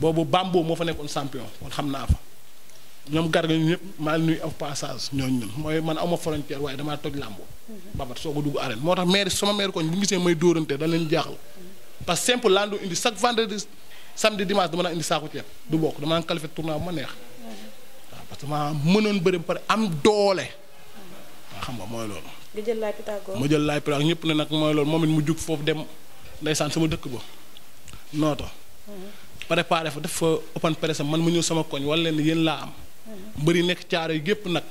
boobu Bambo moo fa nekkoon champion man a naa fa ñoom garga ñu ñëpp maa nuy aw passage mooy man awma frontière waaye dama toj làmbo babat soo ko dugg arène moo tax maire sama maire koñ bu ñu gisee may dóorante da leen jaaxal parce que simple laa doon indi chaque vendredi samedi dimanche dama naa indi saako ceeb du bokk dama naan qualifié tournoi bu ma neex parce que maa mënoon bëri pare am doole waa xam nga mooy loolu nga jël laay Pythagore ma jël laay Pythagore ñëpp ne nag mooy loolu moom it mu jug foofu dem ndeysaan sama dëkk ba nooto mhm. pare préparé fa def fa open presse man ma ñëw sama koñ wala leen yéen laa am. mbëri nekk caaro yi gépp nag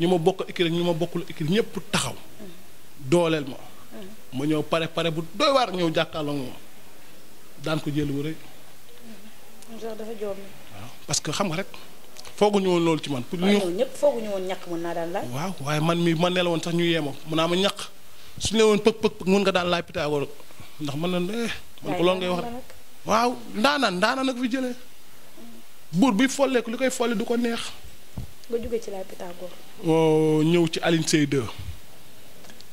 ñu ma bokk écurie ñu ma bokkul écurie ñëpp taxaw. dooleel ma. ma ñëw pare pare bu doy waar ñëw jàkkaarloo moom daan ko jël wu rëy. parce que xam nga rek fooguñu woon loolu ci man. pour ñu ñëpp fooguñu woon ñàkk mën naa daan laaj. waaw waaye man mi man ne la woon sax ñu yeemoo mun naa ma ñàkk su ne woon pëg pëg pëg mun nga daan laaj Pythagore ndax man na eh. man ngay wax waaw ndaanaan ndaanaan ak fi jëlee buur buy folleeku li koy folle du ko neex. nga jóge ci laay Pythagore. Oh, ñëw ci Alioune Seye 2.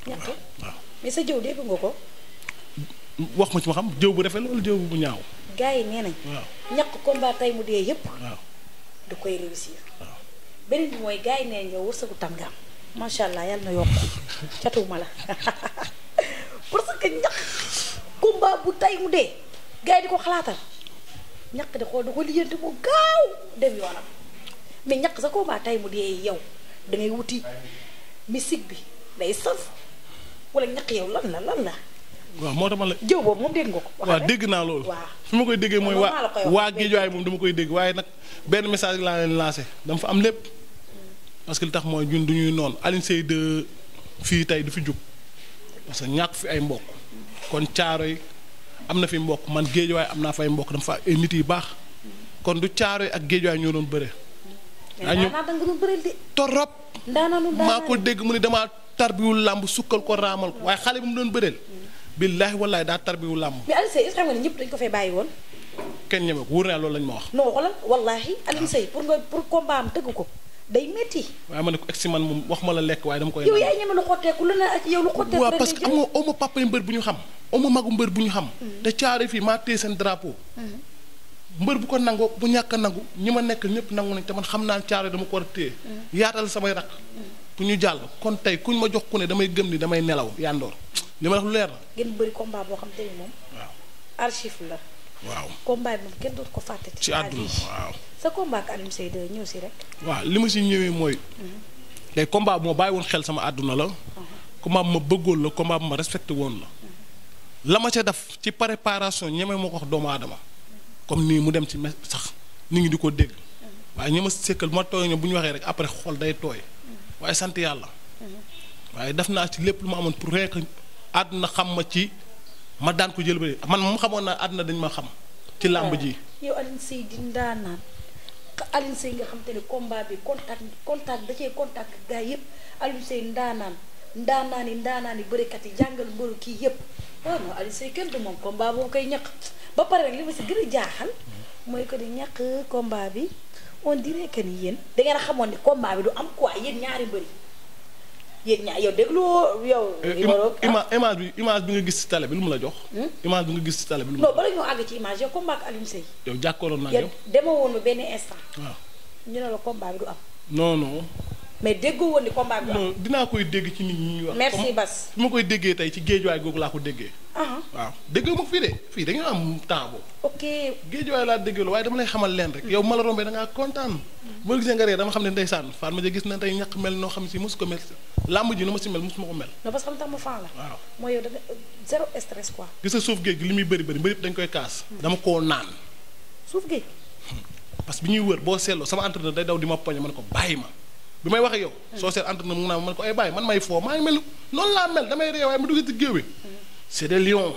ñett mais sa jëw dégg nga ko. wax ma ci ma xam jëw bu rafet loolu jëw bu ñaaw. gars yi nee nañ. waaw ñàkk combat tey mu dee yëpp. waaw koy réussir. waaw beneen bi mooy gars yi nee nañ yow wërsëgu tam nga am allah yàlla na yokk catuwuma la parce que ñàkk combat bu tey mu dee. gars yi di ko xalaatal ñaq di xool da ko lijjanti mu gaaw dem yoonam mais ñaq sa combat tay yow da wuti misik bi day saf wala ñaq yow lan la lan la. waaw moo tax la jëw boobu moom dégg nga ko. waaw dégg naa loolu. waaw fi ma koy déggee mooy. waa waa Géejawaay moom dama koy dégg waaye nag benn message laa leen lancé dama fa am lépp. parce que li tax mooy ñun duñuy ñuy noonu Alioune Seye fii tey du fi jug parce que ñàkk fi ay mbokk kon caaro yi am na fi mbokk man waaye am naa fay mbokk dama fa nit yu baax kon du caarooy ak géejuwaay ñoo doon bëre. daañu torop maa ko dégg mu ne damaa tarbiwul làmb sukkal ko raamal ko waaye xale bi mu doon bëreel. billaahi wallaahi daa tarbiwul làmb. mais Alioune Seye est-ce ne ñëpp dañu ko fay bàyyi woon. kenn ñeme ko wóor naa loolu lañ ma wax. non xoolal wallaahi Alioune Seye pour nga pour combat am tëgg ko. day métti. waaye ma ne ko egsi man moom wax ma la lekk waaye dama koy. yow yaa ñeme lu xotteeku lu ne ak yow lu xotteeku. waaw parce que amoo amoo papa mbër bu ñu xam. amoo magu mbër bu ñu xam. Mm-hmm. te caare fii maa téye seen drapeau. Mm-hmm. mbër bu ko nangoo bu ñàkk a nangu ñi ma nekk ñëpp nangu nañ te man xam naa caare dama ko war a téye. Mm-hmm. yaatal samay rak. pour ñu jàll kon tey kuñ ma jox ku ne damay gëm ni damay nelaw yandoor li ma wax lu leer la. ngeen bëri combat boo xam te ni moom. waaw archive la. waaw combat bi moom kenn dootu ko fàtte. ci àdduna waaw sa combat ak waaw li ma si ñëwee mooy. Mm-hmm. tey combat bu ma bàyyi woon xel sama àdduna la. Uh-huh. combat bu ma bëggoon la combat bu ma respecté woon la. Uh-huh. la ma ca def ci préparation ñeme ma ko wax doomu aadama. comme nii mu dem ci mes sax ni ngi di ko dégg. Uh-huh. waaye ñi ma sekkal ma tooy bu ñu waxee rek après xool day tooy. waaye sant yàlla. waaye def naa ci lépp lu ma amoon pour rek àdduna xam ma ci ma daan ko jël ba man mu xamoon naa àdduna dañ ma xam. ci làmb ji. Alioune Seye nga xam te ne combat bi contact contact da cee contact gars yëpp Alioune Seye ndaanaan ndaanaan yi ndaanaan yi bërekat yi jàngal mbëru kii yëpp waaw ah non Alioune kenn du moom combat boobu koy ñaq ba pare rek li ma si gën a jaaxal mooy que ni ñaq combat bi on dirait que ni yéen da ngeen xamoon ni combat bi du am quoi yéen ñaari mbëri yéen ñaa yow dégluwoo yow. Eh, ima image bi image bi nga gis ci télé bi lu mu la jox. Hmm? image bi nga gis ci télé bi lu mu. non bala ñoo àgg ci image yow combat ak Alioune Seye. yow jàkkaarloo naa yow. yow demewoon ba benn instant. waaw ñu ne la combat bi du am. non non. mais déggoo woon ni combat bi dinaa koy dégg ci nit ñi ñuy wax. merci Bass su ma koy déggee tey ci géejuwaay googu laa ko déggee. Uh-huh. waaw déggoo ma fii de fii da am temps boobu. ok laa déggee waaye dama lay xamal leen rek. yow ma la rombee da ngaa kontaan. boo gisee nga ree dama xam ne ndeysaan Fatou gis na tey ñàkk mel noo xam si mosu ko mel làmb ji nu ma si mel mosu ma ko mel. non parce que tax ma faa la. waaw mooy yow da nga zéro stress gis nga suuf géej gi li muy bëri bëri mbir yëpp dañ koy kaas. dama koo naan. suuf géej. Hmm. parce que bi ñuy wër boo seetloo sama entraîneur day daw di ma poñe man ko bàyyi ma bi may waxee yow. soo seet entraîneur mu naa man ko ay eh, bàyyi man may foo maa ngi mel noonu laa mel damay ree waaye mu dugg ci géew bi c'est des lions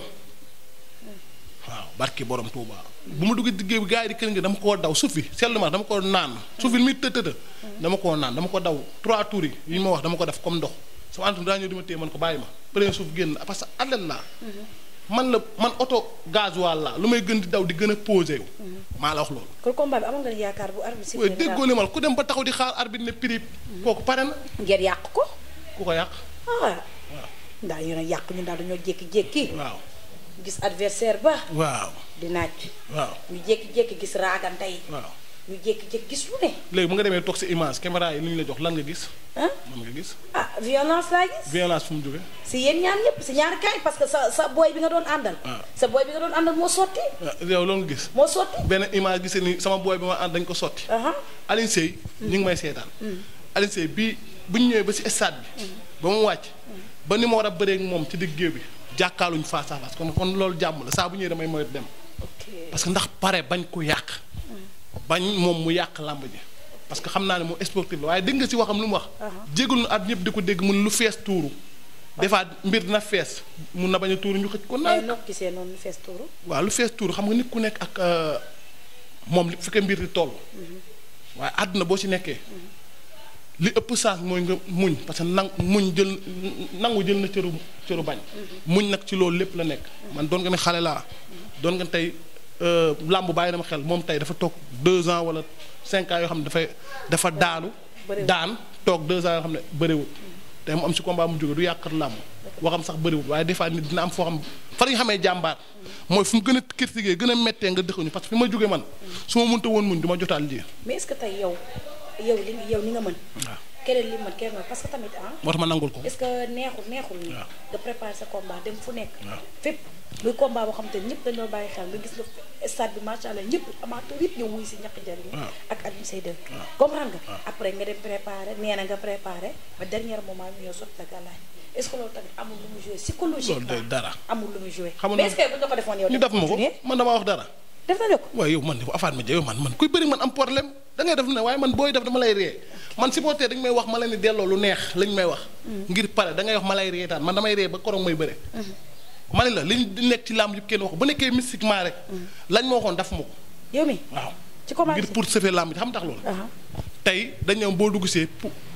waaw barki borom tuubaa bu mu duggee diggéey bi gars yi di kër ngi dama koo daw suuf bi seetlu dama koo naan. suuf bi muy tëtëtë. dama koo naan dama ko daw trois tours yi yi ma wax dama ko def comme ndox sama entraîneur daa ñëw di ma téye man ko bàyyi ma premier parce que athlète laa man la man oto gasoil la lu may gën di daw di gën a posé wu. Mm-hmm. maa la wax loolu. kon combat bi amoon nga yaakaar bu arbitre bi. déggoo li ma ku dem ba taxaw di xaar arbitre ne prip. Mm-hmm. kooku pare na. ngeen yàq ko. ku ko yàq. ah a yàq ñun daal dañoo jékki-jékki. waaw gis adversaire ba. waaw naaj. waaw ñu jékki-jékki gis raagante yi. waaw ñu jékki-jékki gis lu ne. léegi mu nga demee toog si image caméra yi ni ñu la jox lan nga gis. lan nga gis. Ah, violence laa gis. violence fu mu jógee. si yéen ñaar ñëpp si ñaari kaay parce que sa sa booy bi nga doon àndal. Ah. sa booy bi nga doon àndal moo sotti. Ah, yow loolu gis. moo sotti benn image gisee ni sama booy bi ma ànd dañ ko sotti. Alioune Seye. ñu ngi may seetaan. Mm. Alioune bi bu ñu ñëwee ba si estade bi. Mm. ba mu wàcc. Mm. ba ni ma war a bëreek moom ci digg bi. jàkkaaluñ face à face kon kon loolu jàmm la saa bu ñëwee damay moytu dem. parce que ndax pare bañ ku yàq. bañ moom mu yàq làmb ji. parce que xam naa ne moom sportif la waaye dégg si waxam lu mu wax. jégalu na at ñëpp di ko dégg mun lu fees tuuru. defaat mbir dina fees mun na bañ a tuuru ñu xëj ko. naan noo gisee noonu lu fees tuuru. waaw xam nga nit ku nekk ak euh, moom li fi ko mbir di toll. Mm-hmm. waaye àdduna boo si nekkee. li ëpp saas mooy nga muñ parce que nang muñ jël nangu jël na cëru cëru bañ. Mm-hmm. muñ nag ci loolu lépp la nekk. man doon nga ne xale laa. Mm-hmm. doon nga tey. Euh, làmb bàyyi na ma xel moom tey dafa toog deux ans wala cinq ans yoo xam ne dafay dafa daanu. daan toog deux ans yoo xam ne bëriwul. tey mu am si combat mu jóge du yàqat làmb xam sax bëriwul waaye des fois nit dina am foo xam far la ñu xamee jàmbaar mooy fu mu gën a critiquer gën a méttee nga dëkkuñu parce que fi ma jógee man su ma mënta woon muñ du ma jotaal lii. mais est-ce que keneen li mën keneen parce que tamit ah, ko. est-ce que neexul neexul nii. nga préparer sa combat nekk. boo xam te ñëpp dañoo bàyyi xel nga gis nga si ñàkk jariñ ak Alioune Seye 2. comprendre nga. après nga dem préparer nee na nga préparer ba dernier moment ñu ñëw sotti la gàllaay est-ce que loolu tamit amul lu mu joué man damaa wax dara. def nañu ko waaye yow man affaire mi man man kuy bëri man am problème dangay def lu ne waaye man booy def dama lay ree man supporter dañ may wax ma la ni delloo lu neex lañ may wax. Mm. ngir pare dangay ngay wax ma lay reetaan man damay ree ba korong may bëre. Mm-hmm. ma ne la liñ nekk ci làmb yëpp kenn wax bu nekkee mystiquement rek. Mm. lañ ma waxoon daf ma ko. ci commencé ngir pour sauver làmb bi xam tax loolu. Uh-huh. tey dañu boo dugg see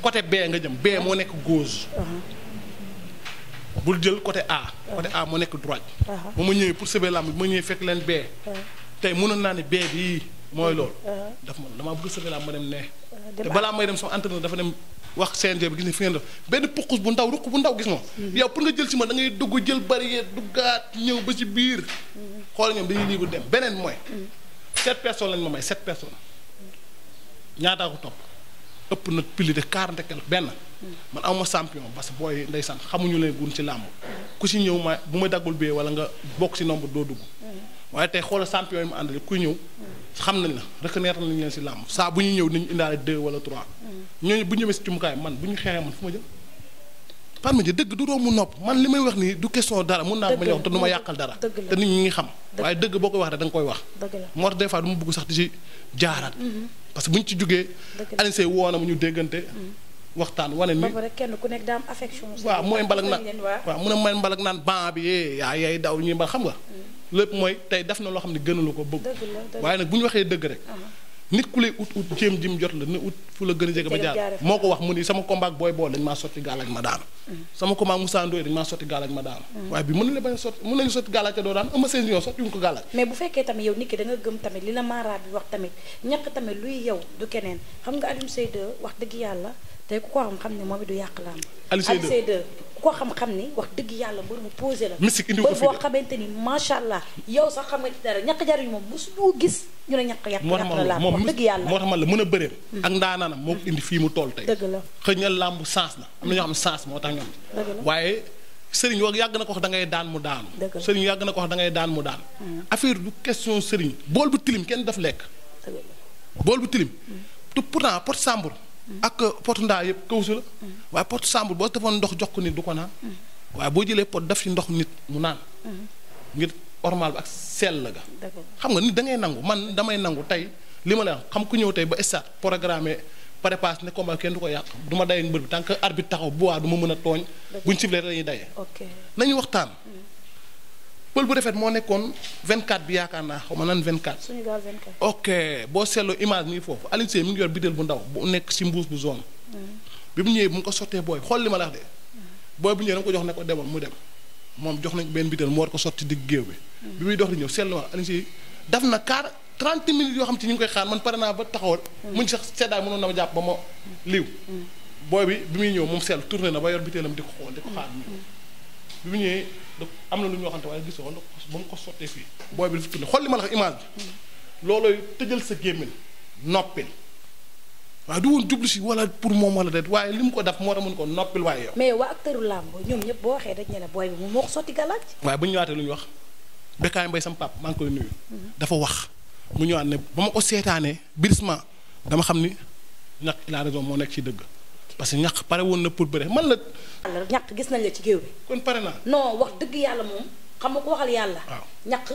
côté B nga jëm B uh-huh. moo nekk gauche. Uh-huh. bul jël côté A. côté A moo nekk droite. ba ma ñëwee pour sauver làmb bi ma ñëwee fekk leen B. tey mënoon naa ne B mooy loolu. dafa ma damaa bëgg sëriñ laa ma dem ne. te balaa may dem sama entraîneur dafa dem wax CNG bi gis ne fi ngeen def benn puqus bu ndaw ruq bu ndaw gis moom. Mm-hmm. yow pour nga jël si ma da ngay dugg jël barrière duggaat ñëw ba ci biir. Mm-hmm. xool ñoom dañuy bu dem beneen mooy. Mm-hmm. sept personnes lañ ma may sept personnes ñaataa ko topp ëpp na plus de quarante quelque benn. man aw ma champion parce que booy ndeysaan xamuñu leen gun ci làmb ku si ñëw ma bu ma daggul bee wala nga bokk si nombre doo dugg. waaye tey xoolal champion ma mu àndale kuy ñëw xam nañ la reconnaître nañ leen si làmb saa bu ñuy ñëw nañu indaale deux wala trois ñooñu bu ñu ñëwee si cumukaay man bu ñu xeexee man fu ma jëm par ma jë dëgg du doomu nopp man li may wax nii du question dara mun naa ko ma ñu wax te ma yàqal dara te nit ñi ngi xam waaye dëgg boo koy wax rek da koy wax moo tax des fois du ma bëgg sax di si jaaraat mm-hmm. parce que bu ñu ci jógee Alioune Seye woo na mu ñu déggante mm-hmm. waxtaan wane ni kenn ku nekk daa am affection waaw mooy mbalak naan waaw mu ne mooy mbalak naan ban yee yaa yay daw ñuy mbal xam nga lépp mooy tey def na loo xam ne gënalu ko bëgg waaye nag bu ñu waxee dëgg rek ah, ah. nit ku lay ut ut jéem jim jot la na ut fu la gën a jege ba jaar moo ko wax mu ni sama combat booy bool dañ maa sotti gaalaaj ma daanu mm-hmm. sama combat Moussa Ndoye dañ maa sotti gaalaaj ma daanu mm-hmm. waaye bi mën la a sotti mën nañu sotti gaalaaj te doo daan ama seen yoon sotti yuñ ko gaalaaj mais bu fekkee tamit yow nit ki da nga gëm tamit li la mara bi wax tamit ñàkk tamit luy yow xam nga Alioune Seye wax dëgg yàlla tey ko xam xam ne moom du yàq laam Alioune Seye 2 ko xam-xam ni wax dëgg yàlla mbër mu posé la. mystique indi ko fi boo allah yow sax xam nga ci dara ñàkk jariñu moom mosu ñu gis ñu ne ñàkk yàq yàq la laa wax dëgg yàlla moo tax la mën a bëreem hmm. ak ndaanaanam moo ko fii mu toll tey dëgg la xëy na làmb sens na na xam hmm. sens moo tax ñoom waaye sëriñ yàgg na ko wax da ngay daan mu daanu sëriñ yàgg na ko wax da ngay daan mu daan affaire du question sëriñ bool bu tilim kenn daf lekk bool bu tilim hmm. te pourtant sambur ak pot ndaa yëpp kawsu la. waaye pot sàmbul boo defoon ndox jox ko nit du ko naan. waaye boo jëlee pot daf ci ndox nit mu naan. ngir ormal bi ak sell ga. xam nga nit da ngay nangu man damay nangu tey li ma la xam ku ñëw tey ba stade programmé prépasse ne combat kenn du ko yàq duma day dayee mbër bi tant que bi taxaw bu waa du mën a tooñ. buñ ciblé dañuy daye. nañu waxtaan. Mm. pël bu defeet moo nekkoon 24 bi yaakaar naa xaw ma nan 24. Sénégal 24 ok boo seetloo image mi foofu Alioune Seye mi ngi yor bideel bu ndaw bu nekk si mbuus bu zone. Mm. bi mu ñëwee bu mu ko sottee booy xool li ma la wax de. Mm. ko jox ne ko demal mu dem moom jox nañ benn bideel mu war ko sotti digg géew bi. Mm. bi muy dox di ñëw seetlu ma Alioune daf na kaar 30 minutes yoo xam te ñu ngi koy xaar man pare naa ba taxawal. muñ sax seddaay mënoon na ma jàpp ba ma liw. booy bi bi muy ñëw moom seetlu tourné na ba yor biteelam di ko xool di ko xaar bi mu ñëwee am na lu ñu waxante waaye gisoo woon ba mu ko sottee fii booy bi dafa tourné xool li ma la wax image bi loolooy sa gémmiñ noppil waaw du woon jublu wala pour moom wala déet waaye li mu ko def moo tax mun ko noppil waaye yow. mais waa acteur làmb ñoom ñëpp boo waxee dañ ne la booy bi moo ko ñu wax Bécaye Mbaye sama pap maa ngi koy nuyu. dafa wax mu ñëwaat ne ba ma ko seetaanee birisma dama xam ni nag la raison moo nekk ci dëgg. parce que ñàkk pare woon na pour bëre man la. ñàkk gis nañ la ci géew bi. kon pare naa. non wax dëgg yàlla moom xam nga ku waxal yàlla. waaw ñàkk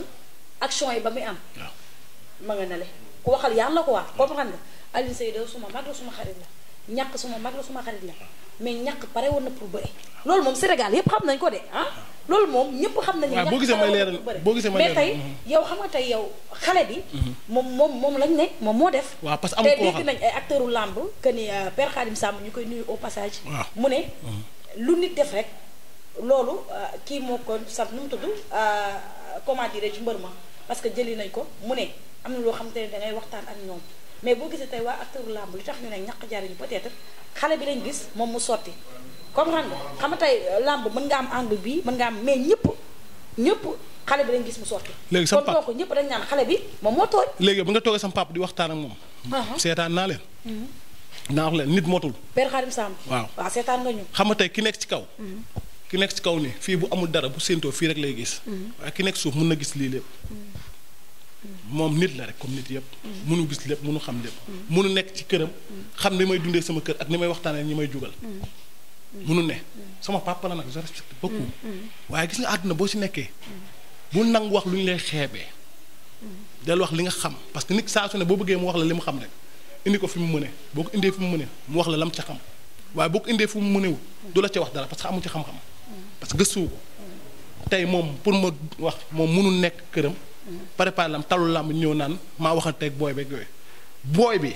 action yi ba muy am. waaw ma nga ne le ku waxal yàlla quoi comprendre nga Alioune Seye de suma mag suma xarit la. ñàkk suma mag la suma xarit la mais ñàkk pare woon na pour bëre loolu moom Sénégal yépp xam nañ ko de ah loolu moom ñépp xam nañ ñàkk boo gisee may leeral boo gisee may leeral mais tey yow xam nga tey yow xale bi mhm. moom moom moom lañ ne moom moo def waaw parce que am te dégg nañ ay acteuru làmb que ni euh, Père Khadim Samb ñu koy nuyu au passage mu ne mhm. lu nit def rek loolu euh, kii moo ko sant nu mu tudd euh, comment ci mbër ma parce que jëli nañ ko mu ne am na loo xam te ne dangay waxtaan ak ñoom mais boo gisee tey waa acteur làmb li tax ñu ne ñaq jariñu peut-être xale bi lañ gis moom mu sotti comprendre nga xam nga tey euh, làmb mën nga am angle bii mën nga am mais ñëpp ñëpp xale bi lañ gis mu sotti. léegi sama papa kon donc ñëpp dañ naan xale bi moom moo tooñ. léegi bu nga toogee sama papa di waxtaan ak moom. Uh-huh. seetaan naa leen. Mm-hmm. naa wax leen nit motul. Père Xarim Samb. waaw waaw seetaan nga ñu. xam nga tey ki nekk ci kaw. Mm-hmm. ki nekk ci kaw ni fii bu amul dara bu séentoo fii rek lay gis. Mm-hmm. waaye ki nekk suuf mën na gis lii lépp. moom nit la rek comme nit yëpp. munu gis lépp munu xam lépp. munu nekk ci këram. xam ni may dundee sama kër ak ni may waxtaanee ñi may jugal. munu ne sama papa la nag je respecte waaye gis nga àdduna boo ci nekkee. bul nangu wax lu ñu lay xeebee. del wax li nga xam parce que nit saa su ne boo bëggee mu wax la li mu xam rek indi ko fi mu mëne boo ko indee fi mu mëne mu wax la lam ca xam waaye boo ko indee fi mu mënewul du la ca wax dara parce que ci xam-xam. parce que gëstu tey moom pour ma wax moom munu nekk këram. préparé lam talu lamb ñëw naan maa waxanteeg booy beeg yooyu booy bi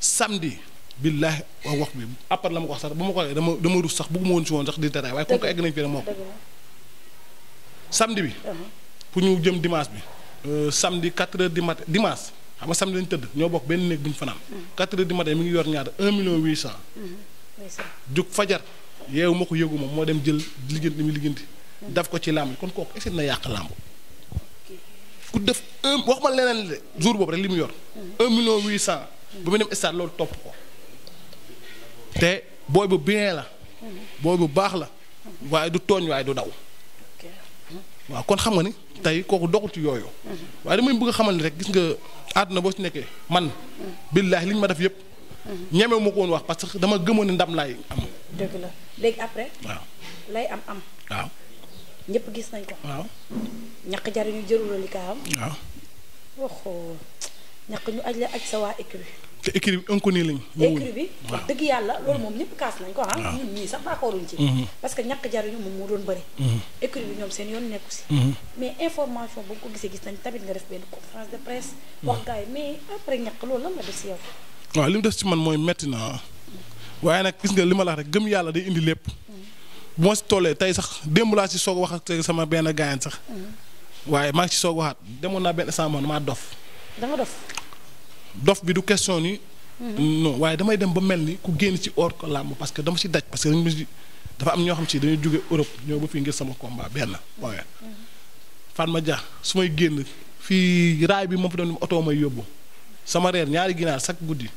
samedi billaahi wax bi après la ko wax sax bu ma ko waxee dama dama rus sax bëgguma woon si woon sax di détail waaye comme ko egg nañ fi moo ko samedi bi uh-huh. pour ñu jëm dimanche bi euh, samedi 4 heures du matin dimanche xam nga samedi lañu tëdd ñoo bokk benn néeg bu ñu fanaan 4 uh-huh. heures du matin mi ngi yor ñaata 1 million cent uh-huh. jug fajar yeewu ma ko yëgu ma moo dem jël liggéenti mi liggéenti daf ko ci làmb kon kook est-ce que na yàq làmb ku def un wax ma leneen de jour boobu rek li mu yor. un million huit cent. ba mu dem stade loolu topp ko. te booy bu bien la. booy bu baax la. waaye du tooñ waaye du daw. waaw kon xam nga ni tey kooku doxul ci yooyu. waaye damay bëgg a xamal ni rek gis nga àdduna boo ci nekkee man. billaahi li ñu ma def yëpp. ñeme ma ko wax parce que dama gëmoon ne ndam laay am. léegi après. lay am am. waaw. ñëpp gis nañ ko. waaw ñaq jariñu jërul li kaam. waaw waxoo ñaq ñu aj la aj sa waa écurie. te écurie bi inconnu lañ. écurie bi wax dëgg yàlla loolu moom ñëpp kaas nañ ko ah. ñun ñii sax d'accorduñ ci. Mm-hmm. parce que ñàkk jariñu moom moo doon bëri. Mm-hmm. écurie bi ñoom seen yoon nekku si. Mm-hmm. mais information bu nga ko gisee gis nañ tamit nga def benn conférence de presse. wax gars yi mais après ñàkk loolu lan la def si yow. waaw li mu def ci man mooy metti na ah. waaye nag gis nga li ma la wax rek gëm yàlla day indi lépp. bu ma si tollee tey sax démb laa si soog wax ak sama benn gaayan sax mm. waaye maa ngi si soog waxaat demoon naa benn instant dof. da bi du question ni. Mm-hmm. waaye damay dem ba mel ni ku génn ci or ko làmb parce que dama si daj parce que dañu dafa am ñoo xam si dañuy jóge Europe ñëw ba fii ngir sama combat benn waaye. Mm-hmm. ma Dia su may génn fii raay bi ma fa doon oto may yóbbu sama reer ñaari ginaar chaque guddi.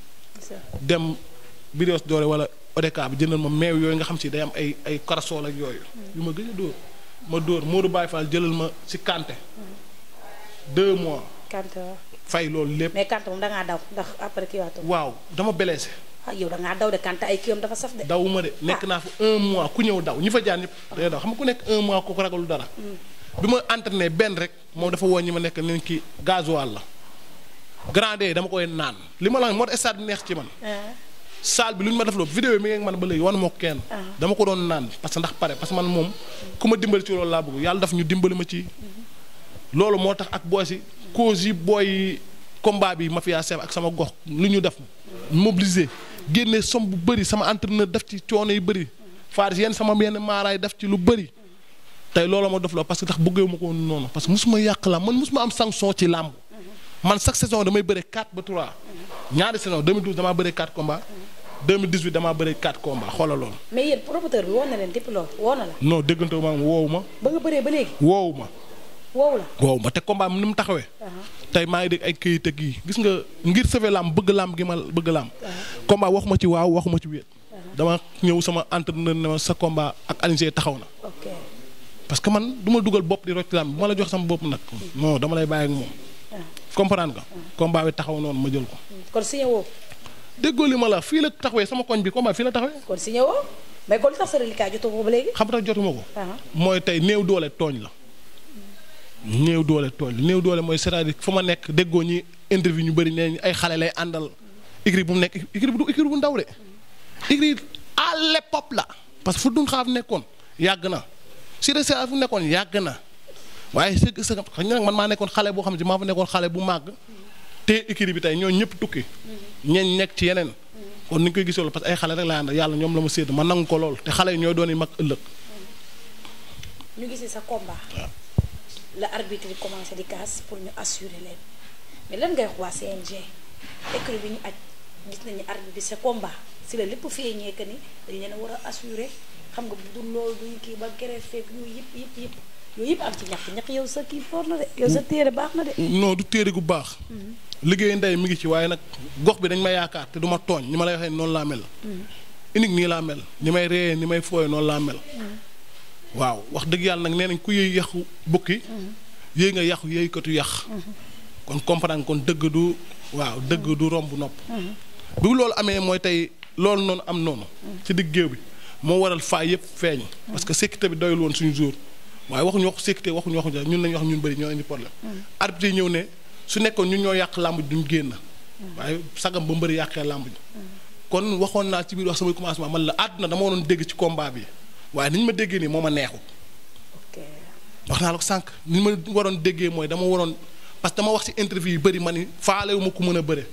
dem Birios Doore ODK bi jëndal ma meew yooyu nga xam si day am ay ay karasool ak yooyu. Hmm. yu ma gën dóor ma dóor Modou Baye Fall jëlal ma si Kanté. Hmm. deux mois. Kanté fay loolu lépp. mais Kanté moom da ngaa daw après kii waaw dama blessé. ah yow da ngaa daw de Kanté ay kii dafa saf de. daw ma de ah. nekk naa fa un mois ku ñëw daw ñi fa jaan ñëpp day daw xam nga ku nekk un mois ko ragalu dara. Hmm. bi ma entraîné benn rek moom dafa woo ñi ma nekk nañ ki gasoil la. grandé dama koy naan li ma la moo tax stade neex ci man. Ah. saal bi lu ñu ma def loolu vidéo ba léegi wan moo ko kenn ah. dama ko doon naan parce que ndax pare parce que man moom ku ma dimbali ci loolu laa bëgg yàlla daf ñu dimbali ma ci mm-hmm. loolu moo tax ak booy si cause yi booy combat bi mafia chef ak sama gox lu ñu def mobiliser génne somme bu bëri sama entraîneur def ci coono yi bëri faar yenn sama yenn maaraay def ci lu bëri tey loolu ma def loolu parce que tax bëggee ma ko noonu parce que mosuma yàq làmb man mosuma am sanction ci làmb mm-hmm. man chaque damay bëre 4 ba 3 mm-hmm. ñaari saison 2012 damaa bëre 4 combats 2018 damaa bëri 4 combats xoolal loolu. mais yéen promoteur bi woo na leen depuis loolu na la. non déggante ma woowu ma. ba nga ba woowu ma. woowu ma te combat am ni mu taxawee. Uh-huh. tey maa ngi dégg ay këyit ak gis nga ngir seve lamb bëgg lamb gi ma bëgg lamb. Uh-huh. combat waxuma ci waaw waxuma ci wéet. Uh-huh. dama ñëw sama entre ne sa combat ak Alioune taxaw na. parce que man duma dugal bopp di rocc lamb bu ma la jox sama bopp nag. moo mm. dama lay bàyyi ak moom. Ah. comprendre nga. Ah. combat bi taxaw noonu ma jël ko. Mm. déggoo li ma la fii la taxawee sama koñ bi combat fii la taxawee. kon si ñëwoo mais kon tax sa reliquat jotoo ko ba léegi. xam nga jotuma ko. Ah. mooy tey néew doole tooñ la. néew doole tooñ la néew doole mooy c'est-à-dire fu ma nekk déggoo ñi interview ñu bëri nee ay xale lay àndal. écurie bu mu nekk écurie bu du bu ndaw de. écurie à l'époque la. parce que fu dun xaaf nekkoon yàgg na si fu nekkoon yàgg na waaye sëg sëg xam nga nag man maa nekkoon xale boo xam ne maa fa nekkoon xale bu màgg te écurie bi tey ñoo ñëpp tukki. ñeeñ nekk ci yeneen kon ni ñu koy gisee parce que ay xale rek laa àndal yàlla ñoom la mu sédd ma nangu ko lool te xale yi ñooy doon mag ëllëg. ñu gisee sa combat. waaw la arbitre bi commencé di kaas pour ñu assurer leen mais lan ngay wax waa CNG école bi ñu aj gis nañu arbitre bi sa combat si la lépp feeñee que ni dañ leen war a assurer xam nga bu dul loolu duñ kii ba grève feeg yooyu yëpp yëpp yëpp yooyu yëpp am ci ñax ñax yow sa kii foor na sa téere baax na de. non téere gu baax. Mm-hmm. liggéey ndey mi ngi ci waaye nag gox bi dañ ma yaakaar te duma ma tooñ ni ma lay waxee noonu laa mel. Mm. unique nii laa mel ni may réyee ni may fooyee noonu laa mel. Mm. waaw wax dëgg yàlla nag nee nañ ku yëy yàqu bukki mm. yéey nga yàqu yéeykatu yàq. Mm-hmm. kon comprendre kon dëgg du waaw dëgg du romb nopp. Mm-hmm. bi loolu amee mooy tey loolu noonu am noonu. ci digg géew bi moo waral faay yëpp feeñ. parce que sécurité bi doyul woon suñu jour waaye waxuñu wax sécurité waxuñu waxu ñun lañu wax ñun bëri ñoo indi problème. arbitre yi ñëw ne. su nekkoon ñu ñoo yàq làmb duñu génn. waaye sagam ba mbëri yàqee làmb ji. kon waxoon naa ci biir wax samay commencement man la àdduna dama waroon dégg ci kombaa bi waaye ni ñu ma déggee nii moo ma neexu. wax naa la ko sànq ni ma waroon déggee mooy dama waroon parce que dama wax ci interview yu bëri ma ni faale wu ma ko mën a bëre.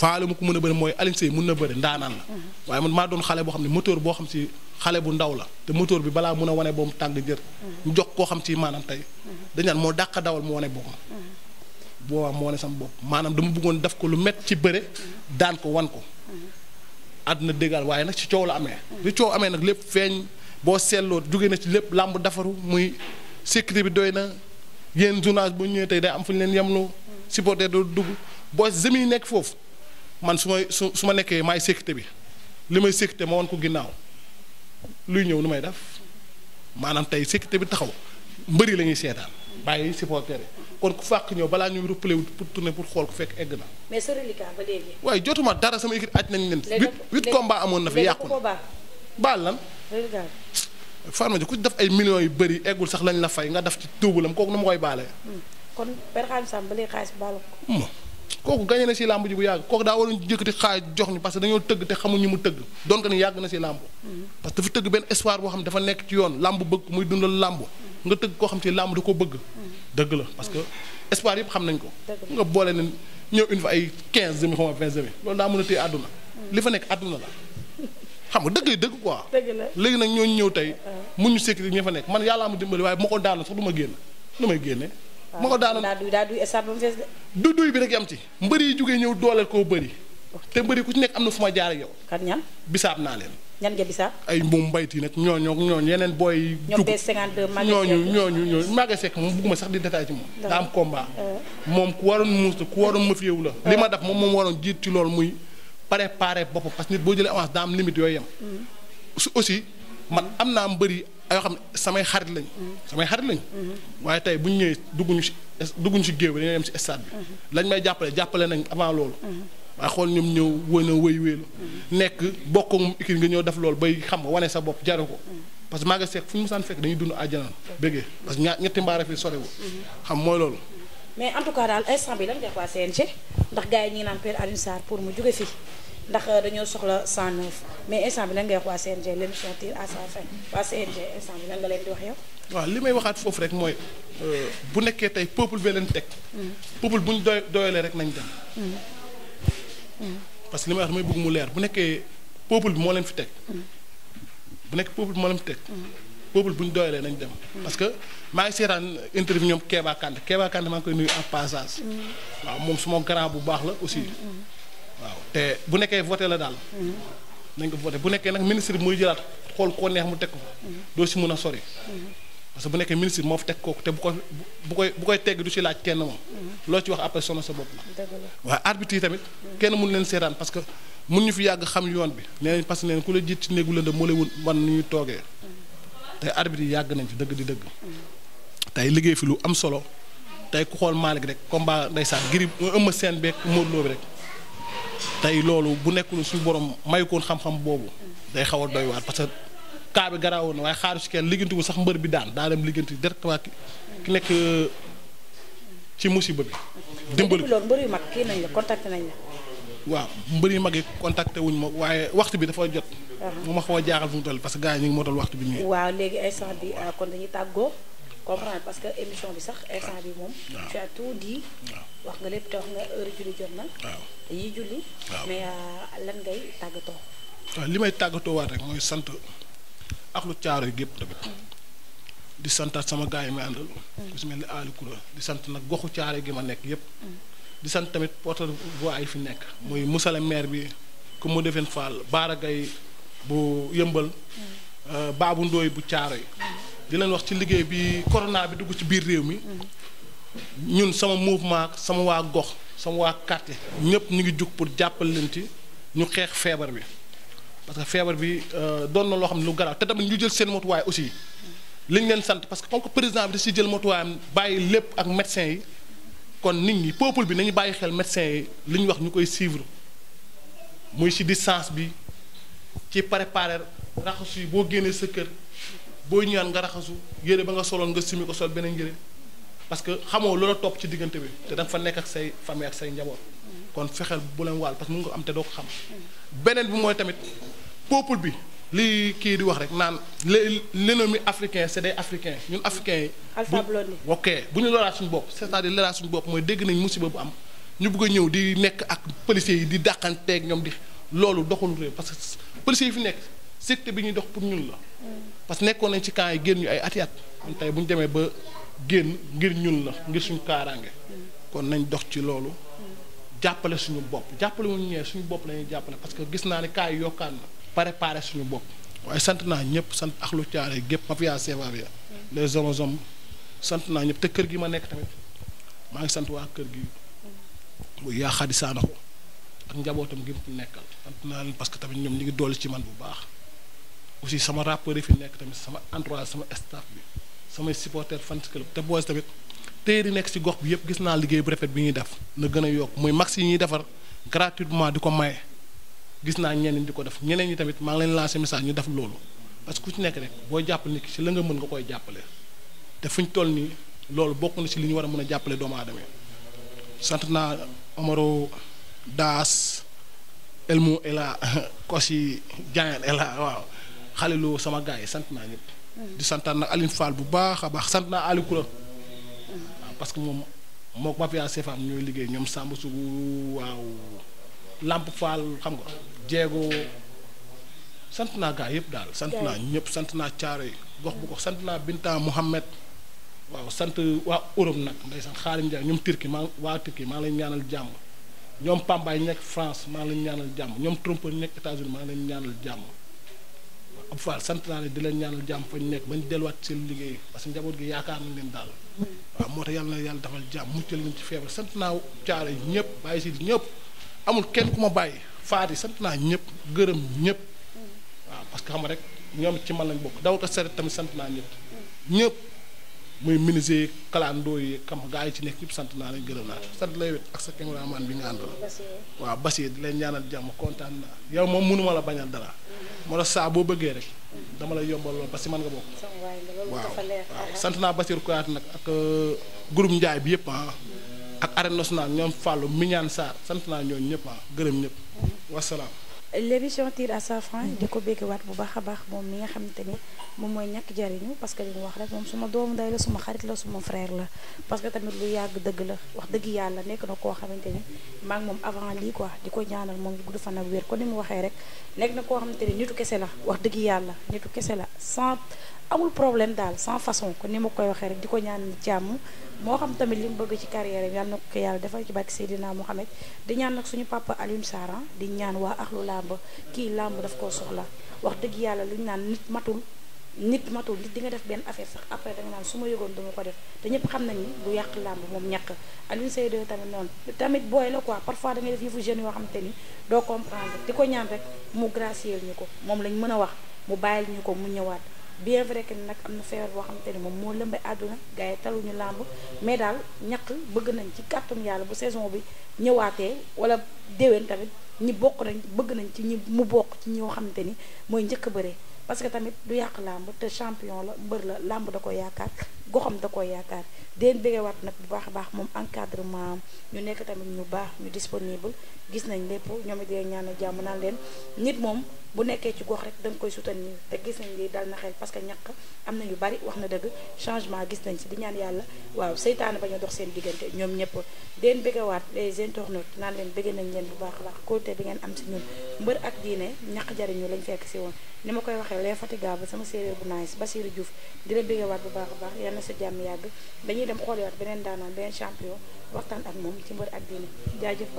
faale mu ko mën a bëri mooy Alioune mun na bëri ndaanaan la waaye man maa doon xale boo xam ne moteur boo xam si xale bu ndaw la te moteur bi balaa mun a wane boobu tàng jër ñu jox koo xam si maanaam tey dañ naan moo dàq dawal mu wane moo boobaa mu wane sama bopp maanaam dama bëggoon def ko lu met ci bëre daan ko wan ko àdduna déggal waaye nag ci coow la amee bi coow amee nag lépp feeñ boo seetloo jóge na ci lépp làmb defaru muy sécurité bi doy na yéen journage bu ñëwee day am fu ñu leen yemloo supporter doo dugg boo zemi nekk foofu man su may su su ma nekkee maay sécurité bi li may sécurité ma wan ko ginnaaw luy ñëw nu may def maanaam tey sécurité bi taxaw mbëri lañuy ñuy seetaan bàyyi supporter kon ku fàq ñëw balaa ñuy replé pour tourner pour xool ku fekk egg na. mais waaye jotuma dara sama équipe at nañ leen. huit huit baa amoon na fi yàqu na baal lan. farma ji ku def ay millions yu bëri eggul sax lañ la fay nga def ci tuubulam kooku nu ma koy baalee. Hmm. kon xaalis baalu hmm. kooku gañe na si làmb ji bu yàgg kooku daa waroon jëkkati xaaj jox ñu parce que dañoo tëgg te xamuñu mu tëgg donc ni yàgg na si làmb parce ne dafa nekk ci yoon làmb bëgg muy dundal làmb nga tëgg koo xam si làmb da ko bëgg dëgg la parce que espoir yëpp xam nañ ko nga boole ne ñëw une fa ay quinze demi xaw ma vingt demi loolu daa mën a téye àdduna li fa nekk àdduna la xam nga dëgg yi dëgg quoi léegi nag ñooñu ñëw tey ah. mun ñu sécurité ña fa nekk man yàllaa ma dimbali waaye bu ma ko daanu sax ma génn du may ma ko daanoon daa duy stade du duy bi rek yam ci mbëri yi jógee ñëw dooleel koo bëri. te mbëri ku ci nekk am na fu ma jaar ak yow. kan ñan bisaab naa leen. ñan nga bisaab. ay mbuum mbayti nag ñooñu ñooñu yeneen booy. ñoom P52 Maguette ñooñu ñooñu ñooñu Maguette Seck moom bëgguma sax di détail ci moom. daa am combat. Euh. moom ku waroon muus la ku waroon mafiewu la. Euh. li ma def moom moom waroon jiit ci lool muy préparer boppam parce que nit boo jëlee avance daa am limite yam mm. su aussi man am naa mbëri yoo xam ne samay xarit lañ. samay xarit lañ. waaye tey bu ñu ñëwee dugguñu si dugguñu si géew bi dañoo dem si stade bi. lañ may jàppale jàppale nañ avant loolu. waaye xool ñoom ñëw wën a wéy wéelu nekk bokk ak moom nga ñëw def loolu bay xam nga wane sa bopp jaru ko. parce que magas ngi seq fu ñu musaan fekk dañuy dund àjjanaan bëggee parce que ñetti mbaare fi sorewul. xam mooy loolu. mais en tout cas daal instant bi lan ngay wax CNG ndax gars yi ñu ngi naan Père Alioune Sarr pour mu ndax euh, dañoo soxla 109 mais instant bi lan ngay wax waa CNG l'émission à sa fin waa CNG instant bi lan nga leen di wax yow. waaw li may waxaat foofu rek mooy euh, bu nekkee tey peuple bee leen teg. Mm. peuple buñ ñu doy doyalee rek nañ dem. Mm. Mm. parce que li may wax damay bëgg leer bu nekkee peuple moo leen fi teg. bu nekk peuple bi teg. peuple bu ñu doyalee nañ dem. parce que maa ngi seetaan interview ñoom Kéba Kante Kéba Kante maa ngi koy nuyu en passage. waaw moom suma grand bu baax la aussi. waaw te bu nekkee voté la daal. Mm-hmm. nañ ko voté bu nekkee nag ministre bi muy jëlaat xool koo neex mu teg ko mm-hmm. doo si mën a sore mm-hmm. parce que bu nekkee ministre moo fi teg kooku te bu ko bu koy bu koy tegg du ci laaj kenn moom. loo ci wax après sono sa bopp la. waaye arbitre yi tamit kenn mun leen seetaan parce que mun ñu fi yàgg xam yoon bi nee nañ que neen ku la jiit ci néegu lëndëm moo lay wan nu ñuy toogee. te arbitre yi yàgg nañ ci dëgg di dëgg. tey liggéey fi lu am solo. tey ku xool Malick rek combat ndeysaan ngir ëmb seen beeg Modou Lo rek. tey loolu bu nekkul su borom may koon xam-xam boobu day xaw a doy waar parce que cas bi garaawoon na waaye xaaru si kenn bu sax mbër bi daan daa dem ligganti directement ki nekk ci musiba bi. dimbali loolu mbër yu mag kii nañ la contacté nañ la. waaw mbër yu mag yi contacté wuñ ma waaye waxtu bi dafa jot. Ah. mu ma xaw a jaaxal fu mu toll parce que yi ñu moo toll waxtu bi ñu. waaw léegi ay sax bi ah, kon dañuy tàggoo. comprendre parce que émission bi sax instant bi moom. waaw tu tout dit. wax nga lépp te wax nga julli jot na. julli. mais euh, lan ngay tàggatoo. waaw li may tàggatoo waat rek mooy sant ak lu caaro yi gépp mm. sama gars yi mm. ni Aliou di sant nag goxu caaro gi ma nekk yëpp mm. di sant tamit porte-voix yi fi nekk. muy Moussa le maire bi ku mu defeen Fall Baara bu yëmbal. Euh, Babou Ndoye bu caaro yi. di leen wax ci liggéey bi corona bi dugg ci biir réew mi ñun sama mouvement sama waa gox sama waa quartier ñëpp ñu ngi jug pour jàppal leen ci ñu xeex feebar bi parce que feebar bi euh, doon na loo xam ne lu garaaw te tamit ñu jël seen motuwaay aussi liñ leen sant parce que comme que président bi da si jël motuwaayam bàyyi lépp ak médecin yi kon nit ñi peuple bi nañu bàyyi xel médecin yi li ñu wax ñu koy suivre muy si distance bi ci préparer raxas yi boo génnee sa kër. booy ñaan nga raxasu yére ba nga soloon nga simi ko sol beneen yére parce que xamoo loola topp ci diggante bi te da fa nekk ak say famille ak say njaboot kon fexeel bu leen waal parce que am te doo ko xam beneen bi mooy tamit peuple bi li kii di wax rek naan l l'ennemi africain c'est des africains ñun africains yi ok bu ñu loraat bopp c'est-à-dire suñu bopp mooy dégg nañ musiba bu am ñu bëgg a ñëw di nekk ak policiers yi di dàqanteeg ñoom di loolu doxul réew parce que policiers yi fi nekk secte bi ñuy dox pour ñun la parce que nekkoon nañ ci camp yi génn ñu ay tey bu demee ba génn ngir ñun la ngir suñu kaaraange kon nañ dox ci loolu jàppale suñu bopp jàppale wuñu ñëwee suñu bopp lañuy ñuy jàppale parce que gis naa ne cas yi yokkaan na préparé suñu bopp waaye sant naa ñëpp sant ak lu caare gépp mafia seva bi les hommes hommes sant naa ñëpp te kër gi ma nekk tamit maa ngi sant waa kër gi bu yaa xadi saana ko ak njabootam gi mu nekkal sant naa leen parce que tamit ñoom ñu ngi dolli ci man bu baax aussi sama rappeur yi fi nekk tamit sama entroit sama staff bi samay supporter fan club te boos tamit téer yi nekk si gox bi yëpp gis naa liggéey bu rafet bi ñuy def na gën a yokk muy max yi ñuy defar gratuitement di ko maye gis naa ñeneen di ko def ñeneen yi tamit maa ngi leen lancé message ñu def loolu parce que ku ci nekk rek boo jàpp nit ki si la nga mën nga koy jàppale te fu ñu toll nii loolu bokk na si li ñu war a mën a jàppale doomu aadama sant naa Omaro Daas Elmo Ela Kosi Diagne Ela waaw xaliloo sama gaa yi sant naa ñëpp. di santaan nag alin Fall bu baax a baax sant naa Aliou Koura. que moom moo ko mafia CFAM ñooy liggéey ñoom Samba Sougou waaw làmp Fall xam nga Diego sant naa gars yëpp daal. sant naa ñëpp sant naa caaro yi gox bu gox sant naa Binta Mouhamed. waaw sant waa Europe nag ndeysaan xaarim Ndiaye ñoom Turquie maa waa Turquie maa ngi leen ñaanal jàmm ñoom Pambaay nekk France maa ngi leen ñaanal jàmm ñoom Trump nekk États-Unis maa ngi leen ñaanal jàmm ab faal sant naa leen di leen ñaanal jàmm fañ nekk bañ delluwaat seen liggéey parce que njaboot gi yaakaar nañ leen daal waaw moo tax yàlla na yàlla defal jàmm muccal leen ci feebar sant naa caare ñëpp bàyyi si ñëpp amul kenn ku ma bàyyi faati sant naa ñëpp gërëm ñëpp waaw parce que xam nga rek ñoom ci man lañ bokk daw ko seret tamit sant naa ñëpp ñëpp muy menuisier kalandoo yi xam gaa yi ci nekk ñëpp sant naa lañ gërëm naa sant lay wet ak sa caméraman bi nga àndal waaw Basiir di leen ñaanal jàmm kontaan naa yow moom mënuma la bañal dara moo tax saa boo bëggee rek dama lay yombal lool parce que mën nga bokk. waaw waaw sant naa Basir Kouyaté nag ak euh, groupe Ndiaye bi yëpp ah. ak arène nationale ñoom Fallou Mignane Sarr sant naa ñooñ ñëpp ah gërëm ñëpp mhm. wasalaam. l'émission tire à sa fin di ko béggewaat bu baax a baax moom mi nga xamante ni moom mooy ñàkk jariñu parce que li mu wax rek moom suma doomu day la suma xarit la suma frère la parce que tamit lu yàgg dëgg la wax dëgg yàlla nekk na koo xamante ni maak moom avant lii quoi di ko ñaanal moom gudd fan ak wér kon ni mu waxee rek nekk na koo xamante ni nitu kese la wax dëgg yàlla nitu kese la sans amul problème daal sans façon ko ni ma koy waxee rek di ko ñaan jàmm moo xam tamit li mu bëgg ci carrière yi yal na ko yàlla defal ci barke xam Mohamed di ñaan nag suñu papa Alioune Sarr di ñaan waa axlu làmb kii làmb daf koo soxla wax dëgg yàlla lu ñu naan nit matul nit matul nit di nga def benn affaire sax après da nga naan su ma yëgoon dama ko def te ñëpp xam nañ ni du yàq làmb moom ñàkk Alioune Seye tamit noonu tamit booy la quoi parfois da ngay def yëfu jeunes yoo xam ni doo comprendre di ko ñaan rek mu gracier ñu ko moom lañ mën a wax mu bàyyil ñu ko mu ñëwaat bien vrai que nag am na feebar boo xamante ni moom moo lëmbay àdduna gars yi ñu làmb mais daal ñàkk bëgg nañ ci kàttum yàlla bu saison bi ñëwaatee wala déwén tamit ñi bokk nañ bëgg nañ ci ñi mu bokk ci ñoo xamante ni mooy njëkk bëree parce que tamit du yàq làmb te champion la mbër la làmb da ko yaakaar goxam da ko yaakaar déen béggewaat nag bu baax a baax moom encadrement ñu nekk tamit ñu baax ñu disponible gis nañ lépp ñoom it dee ñaan jàmm leen nit moom bu nekkee ci gox rek da koy koy soutenir te gis nañ lii dal na xel parce que ñàkk am na yu bari wax na dëgg changement gis nañ si di ñaan yàlla waaw seytaane bañ a dox seen diggante ñoom ñëpp deen bëggewaat les internautes naan leen bëgg nañ leen bu baax a baax côté bi ngeen am si ñun mbër ak diine ñàkk jariñu lañ fekk si woon ni ma koy waxee les fatigable sama séeréer bu nice Basirou Diouf di la bëggewaat bu baax a baax yal na sa jàmm yàgg dañuy dem xooliwaat beneen daanaan beneen champion waxtaan ak moom ci mbër ak diine jaajëf